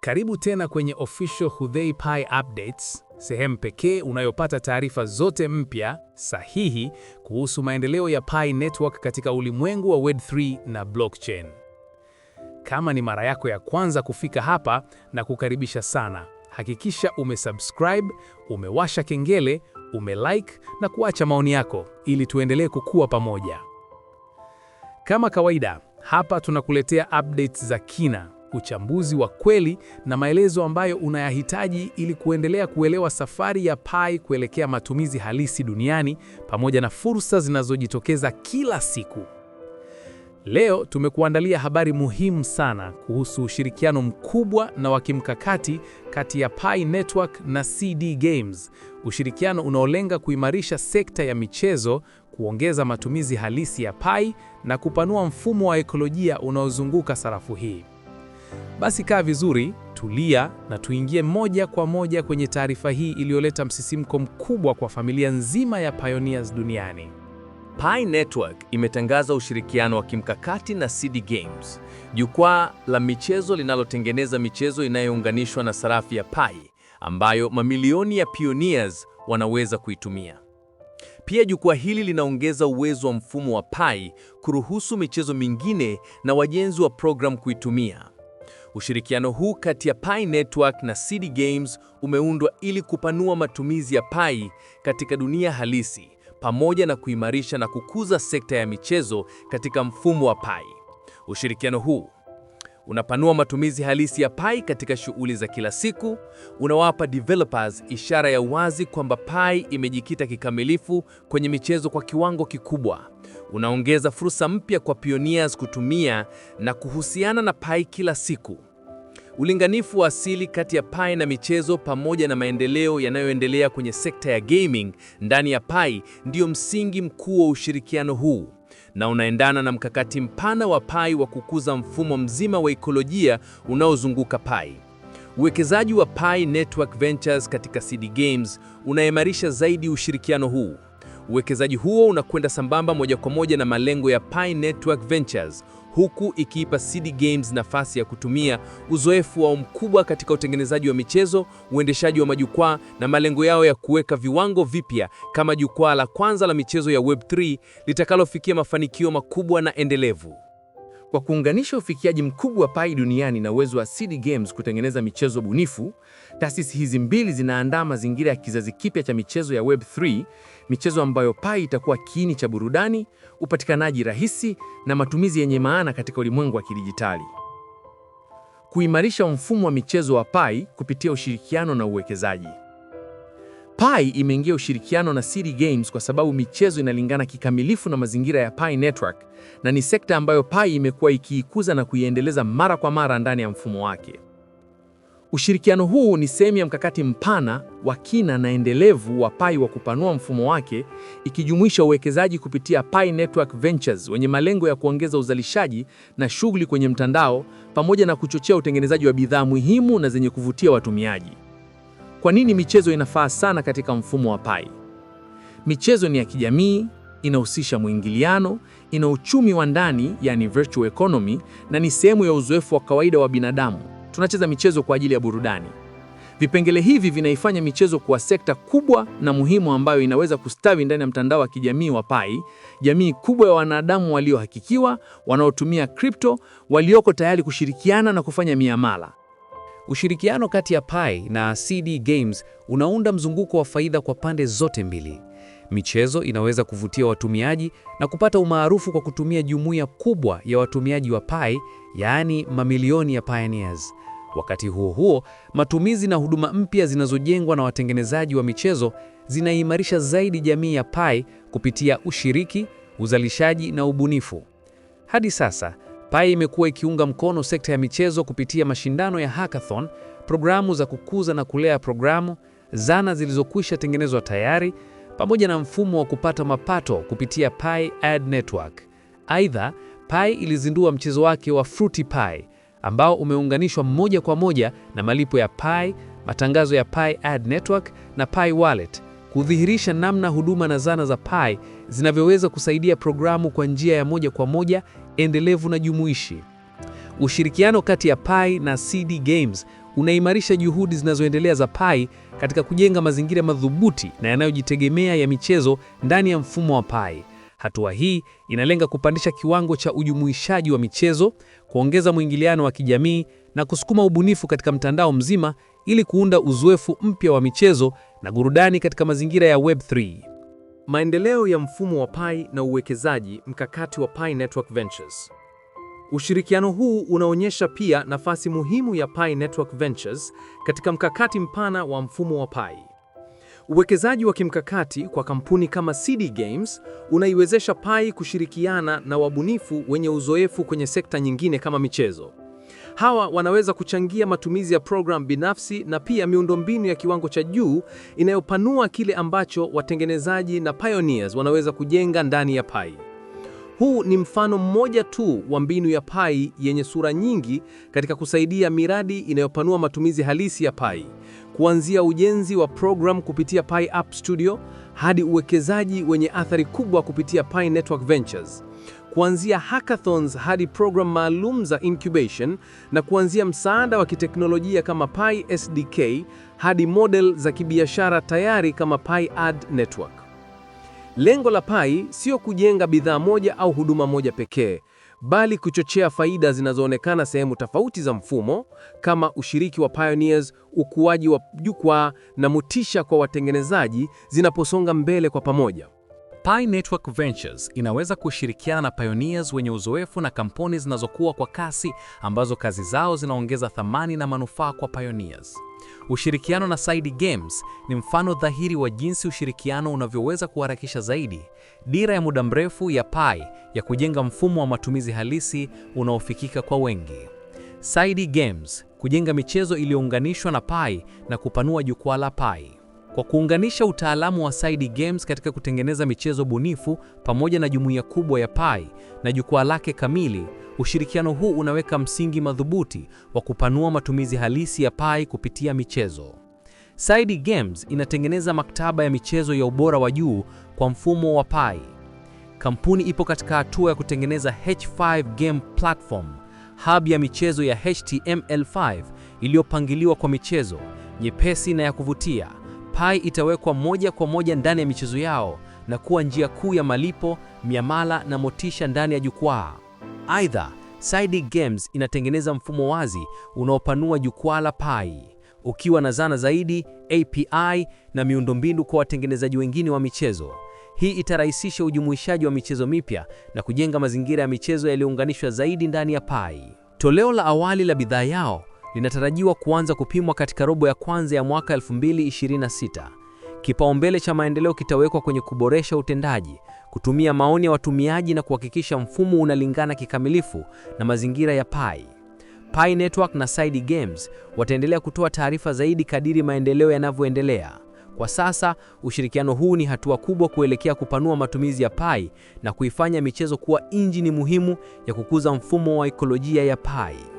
Karibu tena kwenye Official Khudhey Pi Updates, sehemu pekee unayopata taarifa zote mpya sahihi kuhusu maendeleo ya Pi Network katika ulimwengu wa Web3 na blockchain. Kama ni mara yako ya kwanza kufika hapa na kukaribisha sana, hakikisha umesubscribe, umewasha kengele, umelike na kuacha maoni yako ili tuendelee kukua pamoja. Kama kawaida, hapa tunakuletea updates za kina uchambuzi wa kweli na maelezo ambayo unayahitaji ili kuendelea kuelewa safari ya Pi kuelekea matumizi halisi duniani pamoja na fursa zinazojitokeza kila siku. Leo tumekuandalia habari muhimu sana kuhusu ushirikiano mkubwa na wa kimkakati kati ya Pi Network na CD Games, ushirikiano unaolenga kuimarisha sekta ya michezo, kuongeza matumizi halisi ya Pi na kupanua mfumo wa ekolojia unaozunguka sarafu hii. Basi kaa vizuri, tulia na tuingie moja kwa moja kwenye taarifa hii iliyoleta msisimko mkubwa kwa familia nzima ya Pioneers duniani. Pi Network imetangaza ushirikiano wa kimkakati na CD Games, jukwaa la michezo linalotengeneza michezo inayounganishwa na sarafu ya Pi ambayo mamilioni ya Pioneers wanaweza kuitumia. Pia jukwaa hili linaongeza uwezo wa mfumo wa Pi kuruhusu michezo mingine na wajenzi wa program kuitumia. Ushirikiano huu kati ya Pi Network na CD Games umeundwa ili kupanua matumizi ya Pi katika dunia halisi, pamoja na kuimarisha na kukuza sekta ya michezo katika mfumo wa Pi. Ushirikiano huu unapanua matumizi halisi ya Pi katika shughuli za kila siku, unawapa developers ishara ya wazi kwamba Pi imejikita kikamilifu kwenye michezo kwa kiwango kikubwa unaongeza fursa mpya kwa pioneers kutumia na kuhusiana na Pi kila siku. Ulinganifu wa asili kati ya Pi na michezo pamoja na maendeleo yanayoendelea kwenye sekta ya gaming ndani ya Pi ndiyo msingi mkuu wa ushirikiano huu na unaendana na mkakati mpana wa Pi wa kukuza mfumo mzima wa ekolojia unaozunguka Pi. Uwekezaji wa Pi Network Ventures katika CD Games unaimarisha zaidi ushirikiano huu. Uwekezaji huo unakwenda sambamba moja kwa moja na malengo ya Pi Network Ventures, huku ikiipa CD Games nafasi ya kutumia uzoefu wao mkubwa katika utengenezaji wa michezo, uendeshaji wa majukwaa na malengo yao ya kuweka viwango vipya kama jukwaa la kwanza la michezo ya Web3 litakalofikia mafanikio makubwa na endelevu. Kwa kuunganisha ufikiaji mkubwa wa Pai duniani na uwezo wa CD Games kutengeneza michezo bunifu, taasisi hizi mbili zinaandaa mazingira ya kizazi kipya cha michezo ya Web3, michezo ambayo Pai itakuwa kiini cha burudani, upatikanaji rahisi na matumizi yenye maana katika ulimwengu wa kidijitali. Kuimarisha mfumo wa michezo wa Pai kupitia ushirikiano na uwekezaji. Pi imeingia ushirikiano na Siri Games kwa sababu michezo inalingana kikamilifu na mazingira ya Pi Network na ni sekta ambayo Pi imekuwa ikiikuza na kuiendeleza mara kwa mara ndani ya mfumo wake. Ushirikiano huu ni sehemu ya mkakati mpana wa kina na endelevu wa Pi wa kupanua mfumo wake, ikijumuisha uwekezaji kupitia Pi Network Ventures wenye malengo ya kuongeza uzalishaji na shughuli kwenye mtandao pamoja na kuchochea utengenezaji wa bidhaa muhimu na zenye kuvutia watumiaji. Kwa nini michezo inafaa sana katika mfumo wa Pai? Michezo ni ya kijamii, inahusisha mwingiliano, ina uchumi wa ndani, yani virtual economy, na ni sehemu ya uzoefu wa kawaida wa binadamu. Tunacheza michezo kwa ajili ya burudani. Vipengele hivi vinaifanya michezo kuwa sekta kubwa na muhimu ambayo inaweza kustawi ndani ya mtandao wa kijamii wa Pai, jamii kubwa ya wanadamu waliohakikiwa, wanaotumia kripto, walioko tayari kushirikiana na kufanya miamala. Ushirikiano kati ya Pi na CD Games unaunda mzunguko wa faida kwa pande zote mbili. Michezo inaweza kuvutia watumiaji na kupata umaarufu kwa kutumia jumuiya kubwa ya watumiaji wa Pi, yaani mamilioni ya pioneers. Wakati huo huo, matumizi na huduma mpya zinazojengwa na watengenezaji wa michezo zinaimarisha zaidi jamii ya Pi kupitia ushiriki, uzalishaji na ubunifu. Hadi sasa Pai imekuwa ikiunga mkono sekta ya michezo kupitia mashindano ya hackathon, programu za kukuza na kulea programu, zana zilizokwisha tengenezwa tayari, pamoja na mfumo wa kupata mapato kupitia Pai Ad Network. Aidha, Pai ilizindua mchezo wake wa Fruity Pai ambao umeunganishwa moja kwa moja na malipo ya Pai, matangazo ya Pai Ad Network na Pai Wallet, kudhihirisha namna huduma na zana za Pai zinavyoweza kusaidia programu kwa njia ya moja kwa moja endelevu na jumuishi. Ushirikiano kati ya Pai na CD Games unaimarisha juhudi zinazoendelea za Pai katika kujenga mazingira madhubuti na yanayojitegemea ya michezo ndani ya mfumo wa Pai. Hatua hii inalenga kupandisha kiwango cha ujumuishaji wa michezo, kuongeza mwingiliano wa kijamii na kusukuma ubunifu katika mtandao mzima ili kuunda uzoefu mpya wa michezo na burudani katika mazingira ya Web3. Maendeleo ya mfumo wa Pi na uwekezaji mkakati wa Pi Network Ventures. Ushirikiano huu unaonyesha pia nafasi muhimu ya Pi Network Ventures katika mkakati mpana wa mfumo wa Pi. Uwekezaji wa kimkakati kwa kampuni kama CD Games unaiwezesha Pi kushirikiana na wabunifu wenye uzoefu kwenye sekta nyingine kama michezo. Hawa wanaweza kuchangia matumizi ya program binafsi na pia miundombinu ya kiwango cha juu inayopanua kile ambacho watengenezaji na pioneers wanaweza kujenga ndani ya Pi. Huu ni mfano mmoja tu wa mbinu ya Pi yenye sura nyingi katika kusaidia miradi inayopanua matumizi halisi ya Pi, kuanzia ujenzi wa program kupitia Pi App Studio hadi uwekezaji wenye athari kubwa kupitia Pi Network Ventures kuanzia hackathons hadi program maalum za incubation na kuanzia msaada wa kiteknolojia kama Pi SDK hadi model za kibiashara tayari kama Pi Ad Network. Lengo la Pi sio kujenga bidhaa moja au huduma moja pekee, bali kuchochea faida zinazoonekana sehemu tofauti za mfumo kama ushiriki wa pioneers, ukuaji wa jukwaa na motisha kwa watengenezaji zinaposonga mbele kwa pamoja. Pi Network Ventures inaweza kushirikiana na pioneers wenye uzoefu na kampuni zinazokuwa kwa kasi ambazo kazi zao zinaongeza thamani na manufaa kwa pioneers. Ushirikiano na Side Games ni mfano dhahiri wa jinsi ushirikiano unavyoweza kuharakisha zaidi dira ya muda mrefu ya Pi ya kujenga mfumo wa matumizi halisi unaofikika kwa wengi. Side Games kujenga michezo iliyounganishwa na Pi na kupanua jukwaa la Pi. Kwa kuunganisha utaalamu wa Side Games katika kutengeneza michezo bunifu pamoja na jumuiya kubwa ya Pai na jukwaa lake kamili, ushirikiano huu unaweka msingi madhubuti wa kupanua matumizi halisi ya Pai kupitia michezo. Side Games inatengeneza maktaba ya michezo ya ubora wa juu kwa mfumo wa Pai. Kampuni ipo katika hatua ya kutengeneza H5 Game Platform, hub ya michezo ya HTML5 iliyopangiliwa kwa michezo nyepesi na ya kuvutia. Pi itawekwa moja kwa moja ndani ya michezo yao na kuwa njia kuu ya malipo, miamala na motisha ndani ya jukwaa. Aidha, Side Games inatengeneza mfumo wazi unaopanua jukwaa la Pi, ukiwa na zana zaidi, API na miundombinu kwa watengenezaji wengine wa michezo. Hii itarahisisha ujumuishaji wa michezo mipya na kujenga mazingira ya michezo yaliyounganishwa zaidi ndani ya Pi. Toleo la awali la bidhaa yao linatarajiwa kuanza kupimwa katika robo ya kwanza ya mwaka 2026. Kipaumbele cha maendeleo kitawekwa kwenye kuboresha utendaji, kutumia maoni ya watumiaji na kuhakikisha mfumo unalingana kikamilifu na mazingira ya Pi. Pi Network na Side Games wataendelea kutoa taarifa zaidi kadiri maendeleo yanavyoendelea. Kwa sasa, ushirikiano huu ni hatua kubwa kuelekea kupanua matumizi ya Pi na kuifanya michezo kuwa injini muhimu ya kukuza mfumo wa ekolojia ya Pi.